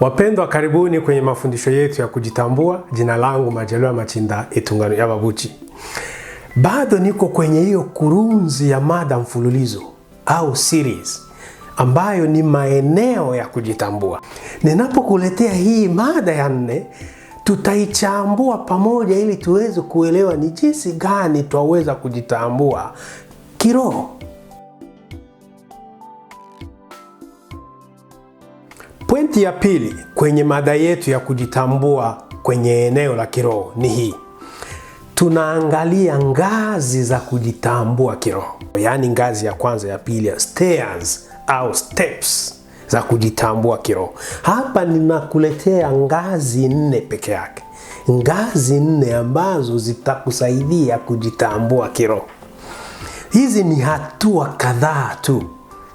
Wapendwa, karibuni kwenye mafundisho yetu ya kujitambua. Jina langu Majaliwa Machinda Itungano ya Babuchi. Bado niko kwenye hiyo kurunzi ya mada mfululizo au series ambayo ni maeneo ya kujitambua. Ninapokuletea hii mada ya nne, tutaichambua pamoja ili tuweze kuelewa ni jinsi gani twaweza kujitambua kiroho. Pointi ya pili kwenye mada yetu ya kujitambua kwenye eneo la kiroho ni hii. Tunaangalia ngazi za kujitambua kiroho, yaani ngazi ya kwanza, ya pili, ya stairs au steps za kujitambua kiroho. Hapa ninakuletea ngazi nne peke yake, ngazi nne ambazo zitakusaidia kujitambua kiroho. Hizi ni hatua kadhaa tu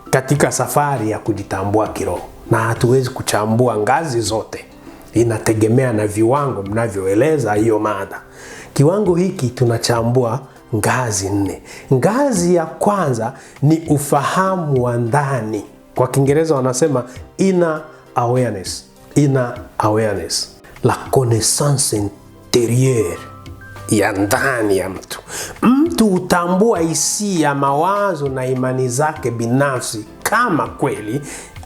katika safari ya kujitambua kiroho na hatuwezi kuchambua ngazi zote, inategemea na viwango mnavyoeleza hiyo mada. Kiwango hiki tunachambua ngazi nne. Ngazi ya kwanza ni ufahamu wa ndani, kwa Kiingereza wanasema inner awareness, inner awareness, la connaissance interieure ya ndani ya mtu. Mtu hutambua hisia, mawazo na imani zake binafsi kama kweli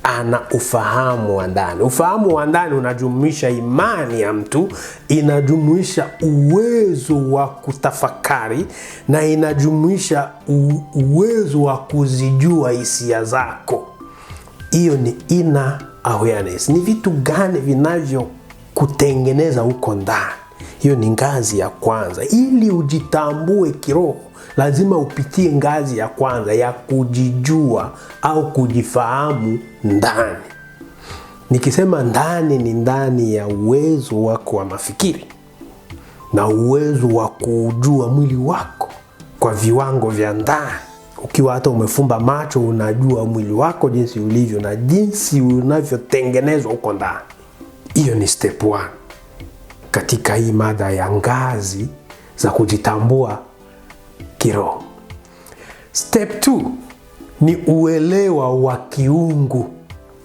ana ufahamu wa ndani. Ufahamu wa ndani unajumuisha imani ya mtu, inajumuisha uwezo wa kutafakari na inajumuisha uwezo wa kuzijua hisia zako. Hiyo ni inner awareness. Ni vitu gani vinavyokutengeneza huko ndani? Hiyo ni ngazi ya kwanza. Ili ujitambue kiroho, lazima upitie ngazi ya kwanza ya kujijua au kujifahamu ndani. Nikisema ndani, ni ndani ya uwezo wako wa mafikiri na uwezo wa kuujua mwili wako kwa viwango vya ndani. Ukiwa hata umefumba macho, unajua mwili wako jinsi ulivyo na jinsi unavyotengenezwa huko ndani. Hiyo ni step one katika hii mada ya ngazi za kujitambua kiroho. Step 2 ni uelewa wa kiungu,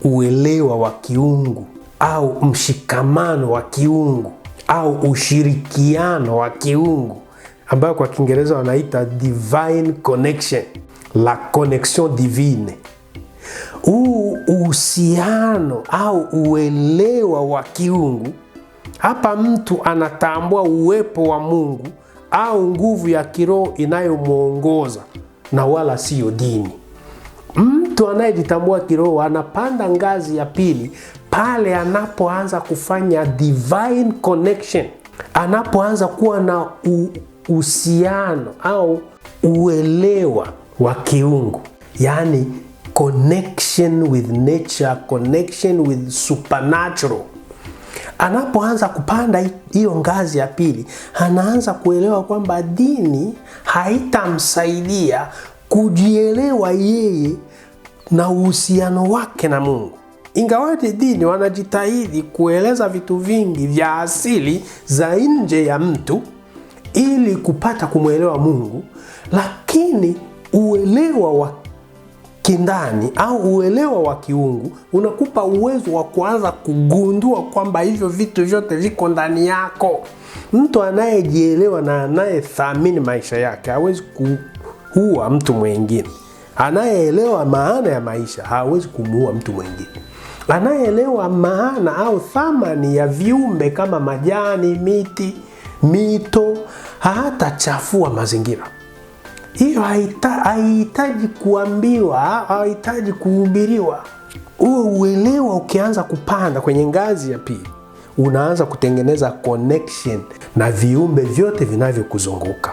uelewa wa kiungu au mshikamano wa kiungu au ushirikiano wa kiungu ambayo kwa Kiingereza wanaita divine connection, la connection divine. Huu uhusiano au uelewa wa kiungu hapa mtu anatambua uwepo wa Mungu au nguvu ya kiroho inayomwongoza na wala siyo dini. Mtu anayejitambua kiroho anapanda ngazi ya pili pale anapoanza kufanya divine connection, anapoanza kuwa na uhusiano au uelewa wa kiungu, yaani connection with nature, connection with supernatural anapoanza kupanda hiyo ngazi ya pili, anaanza kuelewa kwamba dini haitamsaidia kujielewa yeye na uhusiano wake na Mungu. Ingawaje dini wanajitahidi kueleza vitu vingi vya asili za nje ya mtu ili kupata kumwelewa Mungu, lakini uelewa wa kindani au uelewa wa kiungu unakupa uwezo wa kuanza kugundua kwamba hivyo vitu vyote viko ndani yako. Mtu anayejielewa na anayethamini maisha yake hawezi kuua mtu mwingine. Anayeelewa maana ya maisha hawezi kumuua mtu mwingine. Anayeelewa maana au thamani ya viumbe kama majani, miti, mito, hata chafua mazingira hiyo haihitaji kuambiwa, hahitaji kuhubiriwa. Huo uelewa ukianza kupanda kwenye ngazi ya pili, unaanza kutengeneza connection na viumbe vyote vinavyokuzunguka,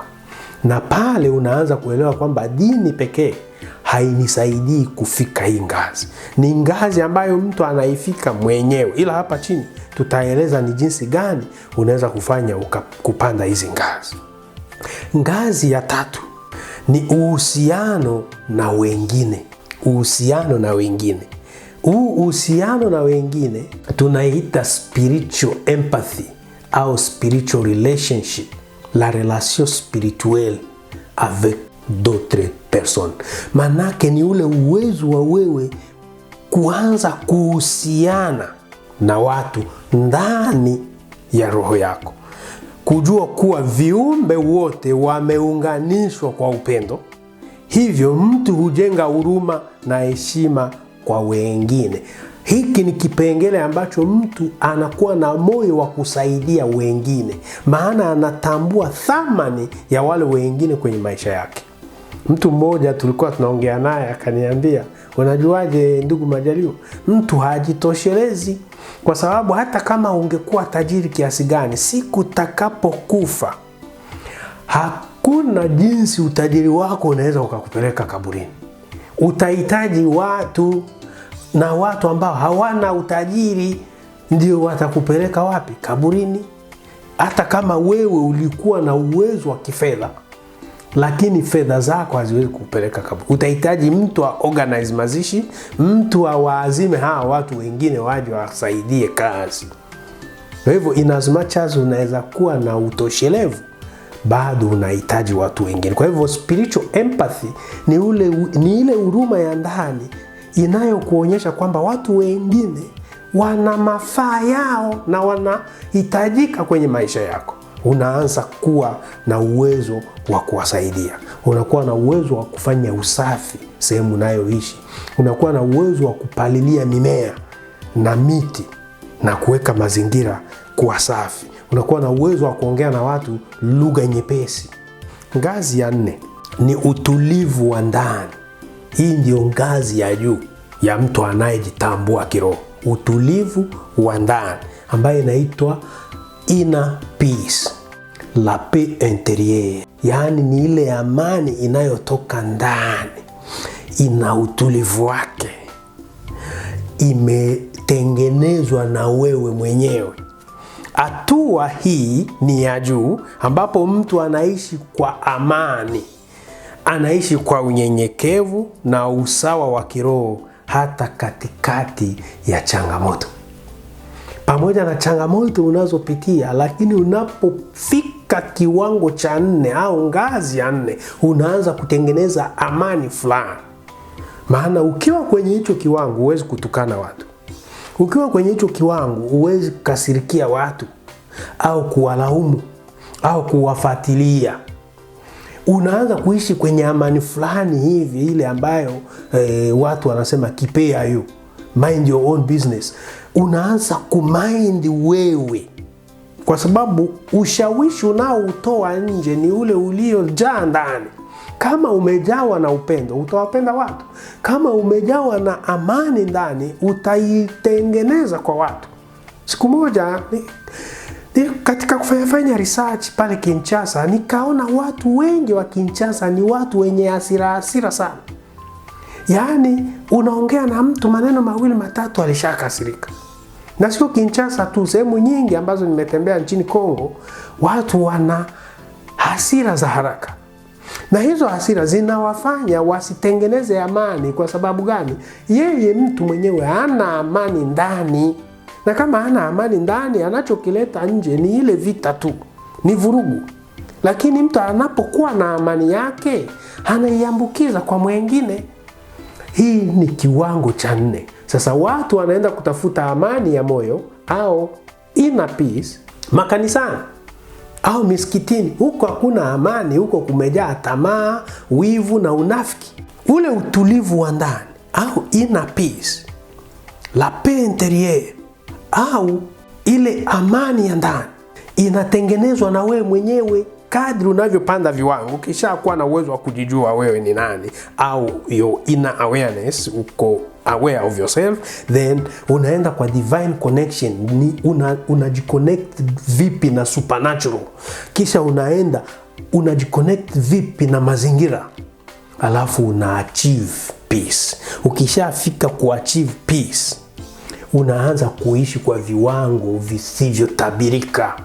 na pale unaanza kuelewa kwamba dini pekee hainisaidii kufika hii ngazi. Ni ngazi ambayo mtu anaifika mwenyewe, ila hapa chini tutaeleza ni jinsi gani unaweza kufanya uka, kupanda hizi ngazi. Ngazi ya tatu ni uhusiano na wengine, uhusiano na wengine. Huu uhusiano na wengine tunaita spiritual empathy au spiritual relationship, la relation spirituelle avec d'autres personnes. Manake ni ule uwezo wa wewe kuanza kuhusiana na watu ndani ya roho yako kujua kuwa viumbe wote wameunganishwa kwa upendo, hivyo mtu hujenga huruma na heshima kwa wengine. Hiki ni kipengele ambacho mtu anakuwa na moyo wa kusaidia wengine, maana anatambua thamani ya wale wengine kwenye maisha yake. Mtu mmoja tulikuwa tunaongea naye akaniambia Unajuaje ndugu Majaliwa? Mtu hajitoshelezi, kwa sababu hata kama ungekuwa tajiri kiasi gani, siku takapokufa hakuna jinsi utajiri wako unaweza ukakupeleka kaburini. Utahitaji watu na watu ambao hawana utajiri ndio watakupeleka wapi? Kaburini. Hata kama wewe ulikuwa na uwezo wa kifedha lakini fedha zako haziwezi kupeleka kaburi. Utahitaji mtu wa organize mazishi, mtu waazime hawa watu wengine waje wasaidie kazi. Kwa hivyo in as much as unaweza kuwa na utoshelevu, bado unahitaji watu wengine. Kwa hivyo spiritual empathy ni, ule, ni ile huruma ya ndani inayokuonyesha kwamba watu wengine wana mafaa yao na wanahitajika kwenye maisha yako unaanza kuwa na uwezo wa kuwasaidia, unakuwa na uwezo wa kufanya usafi sehemu unayoishi, unakuwa na uwezo wa kupalilia mimea na miti na kuweka mazingira kuwa safi, unakuwa na uwezo wa kuongea na watu lugha nyepesi. Ngazi ya nne ni utulivu wa ndani. Hii ndiyo ngazi ya juu ya mtu anayejitambua kiroho, utulivu wa ndani ambaye inaitwa inner peace, la paix intérieure, yaani ni ile amani inayotoka ndani, ina utulivu wake, imetengenezwa na wewe mwenyewe. Hatua hii ni ya juu, ambapo mtu anaishi kwa amani, anaishi kwa unyenyekevu na usawa wa kiroho, hata katikati ya changamoto pamoja na changamoto unazopitia, lakini unapofika kiwango cha nne au ngazi ya nne, unaanza kutengeneza amani fulani. Maana ukiwa kwenye hicho kiwango huwezi kutukana watu, ukiwa kwenye hicho kiwango huwezi kukasirikia watu au kuwalaumu au kuwafatilia. Unaanza kuishi kwenye amani fulani hivi, ile ambayo e, watu wanasema kipea yuu mind your own business. Unaanza kumind wewe, kwa sababu ushawishi unaoutoa nje ni ule uliojaa ndani. Kama umejawa na upendo, utawapenda watu. Kama umejawa na amani ndani, utaitengeneza kwa watu. Siku moja ni, ni, katika kufanyafanya research pale Kinshasa, nikaona watu wengi wa Kinshasa ni watu wenye hasira hasira sana Yaani unaongea na mtu maneno mawili matatu alishakasirika. Na sio Kinshasa tu, sehemu nyingi ambazo nimetembea nchini Kongo, watu wana hasira za haraka, na hizo hasira zinawafanya wasitengeneze amani. Kwa sababu gani? Yeye mtu mwenyewe hana amani ndani, na kama hana amani ndani, anachokileta nje ni ile vita tu, ni vurugu. Lakini mtu anapokuwa na amani yake, anaiambukiza kwa mwengine. Hii ni kiwango cha nne. Sasa watu wanaenda kutafuta amani ya moyo au inner peace makanisani au misikitini. Huko hakuna amani, huko kumejaa tamaa, wivu na unafiki. Ule utulivu wa ndani au inner peace, la paix interieure au ile amani ya ndani inatengenezwa na wewe mwenyewe kadri unavyopanda viwango, kuwa na uwezo wa kujijua wewe ni nani, au your inner awareness, uko aware of yourself, then unaenda kwa divine connection. Ni unajiconnect una vipi na supernatural, kisha unaenda unajiconnect vipi na mazingira, alafu una achieve peace. Ukishafika kuachieve peace, unaanza kuishi kwa viwango visivyotabirika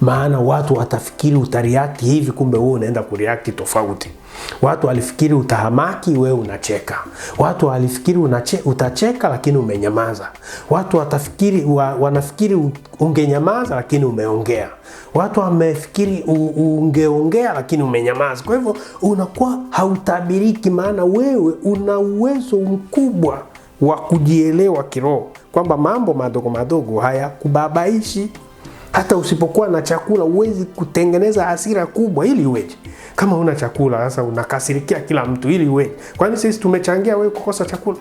maana watu watafikiri utariakti hivi, kumbe wewe unaenda kuriakti tofauti. Watu walifikiri utahamaki, wewe unacheka. Watu walifikiri unache, utacheka lakini umenyamaza. Watu watafikiri, wa, wanafikiri ungenyamaza lakini umeongea. Watu wamefikiri ungeongea lakini umenyamaza. Kwa hivyo unakuwa hautabiriki, maana wewe una uwezo mkubwa wa kujielewa kiroho kwamba mambo madogo madogo hayakubabaishi hata usipokuwa na chakula huwezi kutengeneza hasira kubwa, ili uweje Kama una chakula sasa unakasirikia kila mtu, ili iweje? Kwani sisi tumechangia wewe kukosa chakula?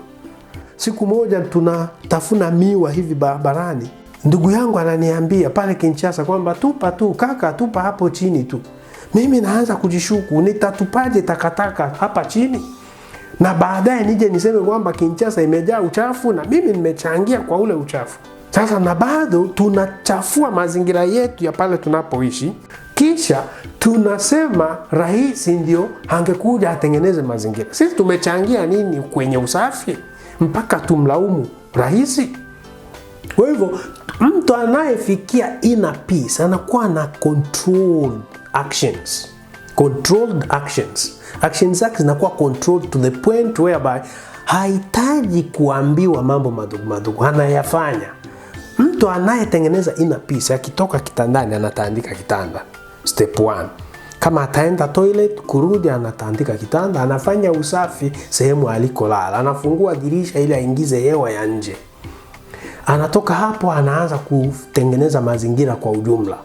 Siku moja tunatafuna miwa hivi barabarani, ndugu yangu ananiambia pale kinchasa kwamba tupa tu kaka, tupa hapo chini tu. Mimi naanza kujishuku, nitatupaje takataka hapa chini na baadaye nije niseme kwamba kinchasa imejaa uchafu na mimi nimechangia kwa ule uchafu. Sasa na bado tunachafua mazingira yetu ya pale tunapoishi, kisha tunasema rais ndio angekuja atengeneze mazingira. Sisi tumechangia nini kwenye usafi mpaka tumlaumu rais? Kwa hivyo mtu anayefikia inner peace anakuwa na controlled actions, controlled actions, actions zake zinakuwa controlled to the point whereby hahitaji kuambiwa mambo madogo madogo, anayafanya Mtu anayetengeneza inner peace akitoka kitandani anatandika kitanda. Step one. Kama ataenda toilet kurudi, anatandika kitanda, anafanya usafi sehemu alikolala, anafungua dirisha ili aingize hewa ya nje. Anatoka hapo, anaanza kutengeneza mazingira kwa ujumla.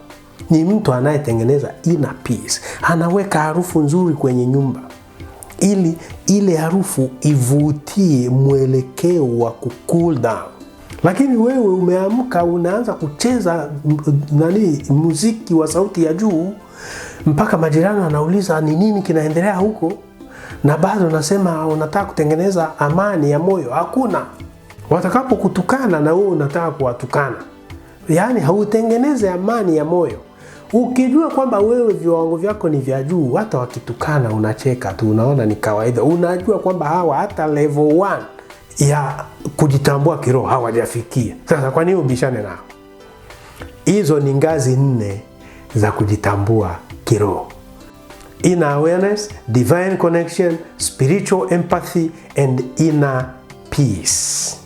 Ni mtu anayetengeneza inner peace, anaweka harufu nzuri kwenye nyumba ili ile harufu ivutie mwelekeo wa ku down lakini wewe umeamka unaanza kucheza nani muziki wa sauti ya juu mpaka majirani anauliza ni nini kinaendelea huko, na bado unasema unataka kutengeneza amani ya moyo. Hakuna. Watakapokutukana na wewe unataka kuwatukana, yaani hautengeneze amani ya moyo. Ukijua kwamba wewe viwango vyako ni vya juu, hata wakitukana unacheka tu, unaona ni kawaida. Unajua kwamba hawa hata level ya kujitambua kiroho hawajafikia. Sasa kwa nini ubishane nao? Hizo ni ngazi nne za kujitambua kiroho: inner awareness, divine connection, spiritual empathy and inner peace.